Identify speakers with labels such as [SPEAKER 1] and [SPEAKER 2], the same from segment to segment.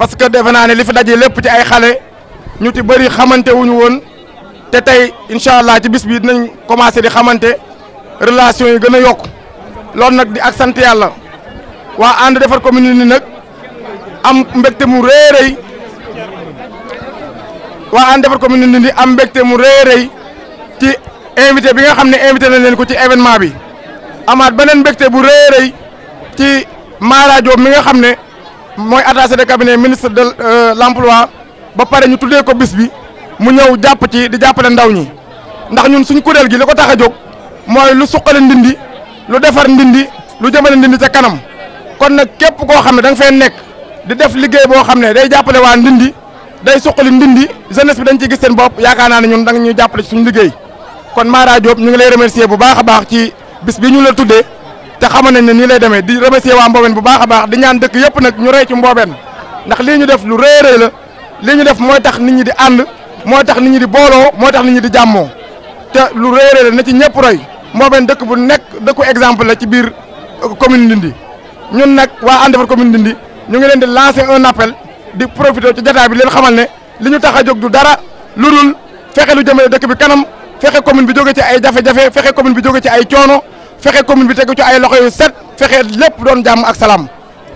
[SPEAKER 1] parce que defe naa ne li fa daje lépp ci ay xale ñu ci bëri xamante wuñu woon te tey incha allah ci bis bi dinañ commencé di xamante relation yi gën a yokk loolu nag di ak sant yàlla waa ànd defar commune ni nag am mbégte mu réeréy waa ànd defar commune am mbégte mu réeréy ci invité bi nga xam ne invité nañ leen ko ci événement bi amaat beneen mbégte bu réeréy ci Mara mi nga xam ne mooy attaché de cabinet ministre de euh, l' emploi ba pare ñu tuddee ko bis bi mu ñëw jàpp ci di jàppale ndaw ñi ndax ñun suñ kuréel gi li ko tax a jóg mooy lu suqale ndindi lu defar ndindi lu jëmale ndindi ca kanam kon nag képp koo xam ne da nga fay nekk di def liggéey boo xam ne day jàppale waa ndindi day suqali ndindi jeunesse bi dañ ciy gis seen bopp yaakaar naa ne ñun danga nga ñuy jàppale ci suñu liggéey kon Mara Diop ñu ngi lay remercier bu baax a baax ci bis bi ñu la tuddee. te xamoon nañ ne nii lay demee di remercier waa Mbobène bu baax a baax di ñaan dëkk yëpp nag ñu rey ci Mbobène ndax lii ñu def lu rëy rëy la li ñu def mooy tax nit ñi di ànd mooy tax nit ñi di booloo mooy tax nit ñi di jàmmoo te lu rëy rëy la na ci ñëpp roy Mbobène dëkk bu nekk dëkku exemple la ci biir euh, commune Ndindi ñun nag waa ànd defar commune Ndindi ñu ngi leen lancé lancer un appel di profiter ci jotaay bi leen xamal ne li ñu tax a jóg du dara lu dul fexe lu dëkk bi kanam fexe commune bi jóge ci ay fexe commune bi jóge ci ay coono fexe commune bi tegu ci ay loxo yu set fexe lépp doon jàmm ak salaam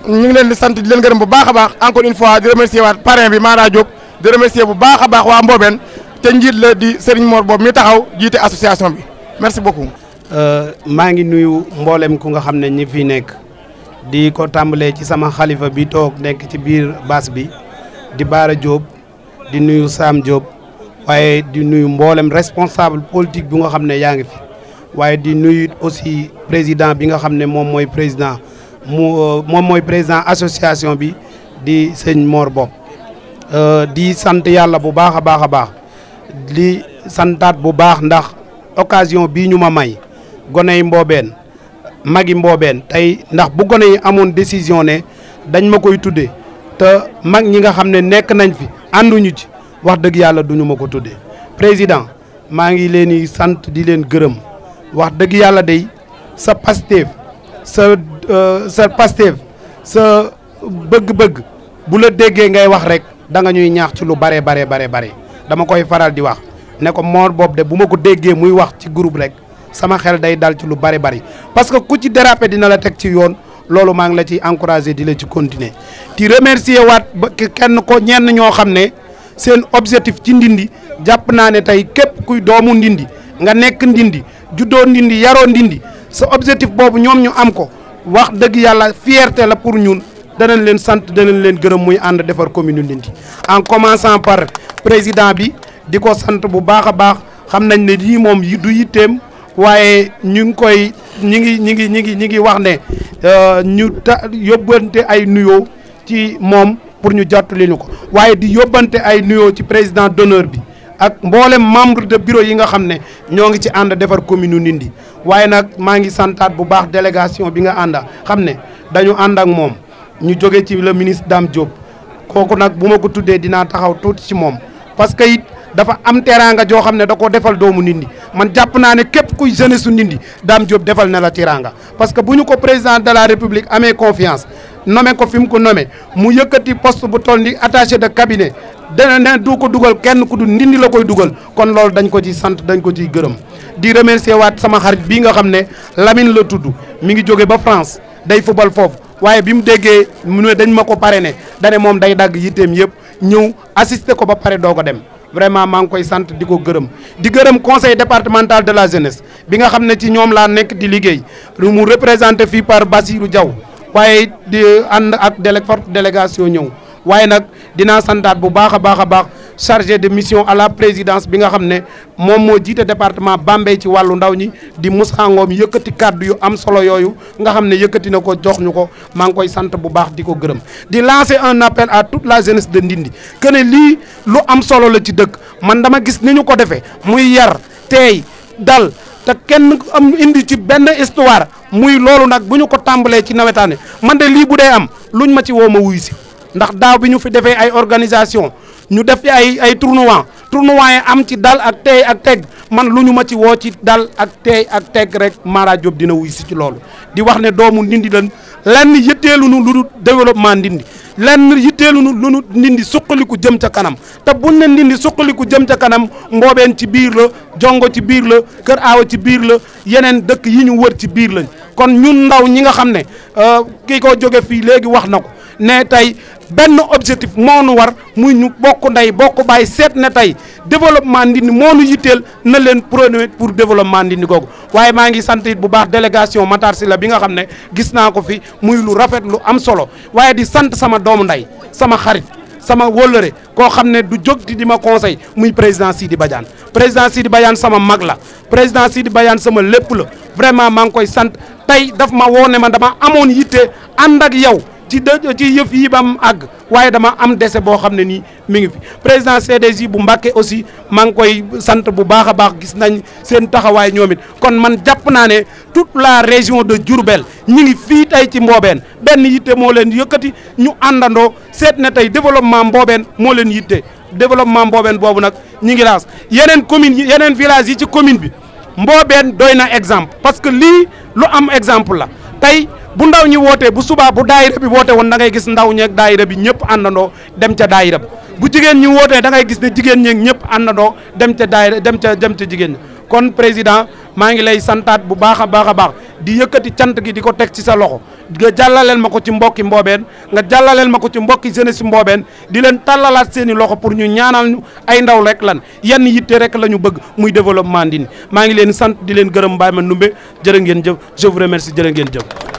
[SPEAKER 1] ñu ngi leen di sant di leen gërëm bu baax a baax encore une fois di remercier waat parrain bi Mara Diop di bu baax a baax waa Mbobeen te njiit la di Serigne Mor boobu mi taxaw jiite association bi merci beaucoup.
[SPEAKER 2] Euh, maa ngi nuyu mboolem ku nga xam ne ñi fi nekk di ko tàmbalee ci sama xalifa bi toog nekk ci biir bas bi di Baara Diop di nuyu Sam Diop waaye di nuyu mboolem responsable politique bi nga xam ne yaa ngi fi. waaye di nuyu aussi président bi nga xam ne moom mooy président mu euh, moom mooy président association bi di sëñ Mor Bopp euh, di sant yàlla bu baax a baax a baax di santaat bu baax ndax occasion bii ñu ma may gone yi mboobeen magi mboobeen tey ndax bu gone yi amoon décision ne dañ ma koy tuddee te mag ñi nga xam ne nekk nañ fi ànduñu ci wax dëgg yàlla duñu ma ko tuddee président maa ngi leen di sant di leen gërëm wax dëgg yàlla day sa Pastef sa euh, sa sa bëgg-bëgg bu la déggee ngay wax rek da nga ñuy ñaax ci lu bare bare bare bare dama koy faral di wax ne ko Mor Bob de bu ma ko déggee muy wax ci groupe rek sama xel day dal ci lu bare bari parce que ku ci dérapé dina la teg ci yoon loolu maa ngi la ci encouragé di la ci continuer di remercier waat ba kenn ko ñenn ñoo xam ne seen objectif ci ndindi jàpp naa ne tey képp kuy doomu ndindi nga nekk ndindi juddoo ndindi yaroo ndindi sa objectif boobu ñoom ñu am ko wax dëgg yàlla fierte la pour ñun danañ leen sant danañ leen gërëm muy ànd defar commune ndindi en commençant par président bi di ko sant bu baax a baax xam nañ ne lii moom du yitteem waaye ñu ngi koy ñi ngi ñi ngi ñi ngi ñi ngi wax ne euh, ñu ta yóbbante ay nuyoo ci moom pour ñu jottali ñu ko waaye di yóbbante ay nuyoo ci président d'honneur bi ak mboolem membre de bureau yi nga xam ne ñoo ngi ci ànd defar commune Ndindi waaye nag maa ngi santaat bu baax délégation bi nga ànd ànda xam ne dañu ànd ak moom ñu jóge ci le ministre Dame Diop kooku nag bu ma ko tuddee dinaa taxaw tuuti ci moom parce que it dafa am teraanga joo xam ne da koo defal doomu Ndindi man jàpp naa ne képp kuy jeunesse su Ndindi Dame Diop defal ne la teraanga parce que bu ñu ko président de la république amee confiance nommé ko fi mu ko nommé mu yëkkati poste bu toll ni attaché de cabinet dana ne du ko dugal kenn ku du ndindi la koy dugal kon loolu dañ ko ci sant dañ ko ciy gërëm di remercier waat sama xarit bii nga xam ne Lamine la tudd mi ngi jóge ba France day fubal foofu waaye bi mu déggee mu ne dañ ma ko pare ne dane moom day dagg yitteem yëpp ñëw assister ko ba pare doo ko dem vraiment maa ngi koy sant di ko gërëm di gërëm conseil départemental de la jeunesse bi nga xam ne ci ñoom laa nekk di liggéey mu représenté fii par Basirou Diaw waaye di ànd ak délé délégation ñëw dinaa santaat bu baax a baax a baax chargé de mission à la présidence bi nga xam ne moom moo jiite département Bambey ci wàllu ndaw ñi di Moussa Ngom yëkkati kàddu yu am solo yooyu nga xam ne yëkkati na ko jox ñu ko maa ngi koy sant bu baax di ko gërëm di lancer un appel à tout la jeunesse de Ndindi que lii lu am solo la ci dëkk man dama gis ni ñu ko defee muy yar teey dal te kenn am indi ci benn histoire muy loolu nag bu ñu ko tàmbalee ci nawetaane man de lii bu dee am luñ ma ci woo ma wuyu si ndax daaw bi ñu fi defee ay organisation ñu def fi ay ay tournoi tournoi yi am ci dal ak tey ak teg man lu ñu ma ci woo ci dal ak tey ak teg rek Mara Diop dina wuy si ci loolu di wax ne doomu ndindi lan lenn yitteelunu lu du développement ndindi lenn yitteelunu lu nu ndindi suqaliku jëm ca kanam te buñ ne ndindi suqaliku jëm ca kanam mboobeen ci biir la jongo ci biir la kër aawa ci biir la yeneen dëkk yi ñu wër ci biir lañ kon ñun ndaw ñi nga xam ne euh, kii ko jóge fii léegi wax na ko ne tey benn objectif moo nu war muy ñu bokk ndey bokk baay seet ne tey développement Ndindy moo nu yitteel na leen prôné pour développement Ndindy googu waaye maa ngi sant bu baax délégation Matar Sylla bi nga xam ne gis naa ko fi muy lu rafet lu am solo waaye di sant sama doomu ndey sama xarit sama wóllëre koo xam ne du jóg di ma conseil muy président Sidi Badiane président si Sidi Badiane sama mag la président Sidi Badiane sama lépp la vraiment maa ngi koy sant tey daf ma woo ma dama amoon yitte ànd ak yow ci ci yëf yi ba am àgg waaye dama am dese boo xam ne nii mi ngi fi président bu Mbàkke aussi maa ngi koy sant bu baax a baax gis nañ seen taxawaay ñoom it kon man jàpp naa ne toute la région de Diourbel ñi ngi fii tey ci Mbobeen benn yitte moo leen yëkkati ñu àndandoo seet ne tey développement Mbobeen moo leen yitte développement Mbobeen boobu nag ñi ngi laas yeneen commune yi yeneen village yi ci commune bi mboobeen doy na exemple parce que lii lu am exemple la bu ndaw ñi wootee bu subaa bu daayira bi woote woon da ngay gis ndaw ñeeg daayira bi ñëpp àndandoo dem ca daayira bi bu jigéen ñi wootee dangay gis ne jigéen ñeeg ñëpp àndandoo dem ca daayira dem ca dem ca jigéen ñi kon président maa ngi lay santaat bu baax a baax a baax di yëkkati cant gi di ko teg ci sa loxo ga jàllaleel ma ko ci mbokki mboobeen nga jàllaleel ma ko ci mbokki jeunesse mboobeen di leen tàllalaat loxo pour ñu ñaanal ay ndaw rek lan yenn yitte rek la ñu bëgg muy développement Ndindy maa ngi leen sant di leen gërëm Baye Mandoumbe jërë ngeen jëf je vous remercie ngeen jëf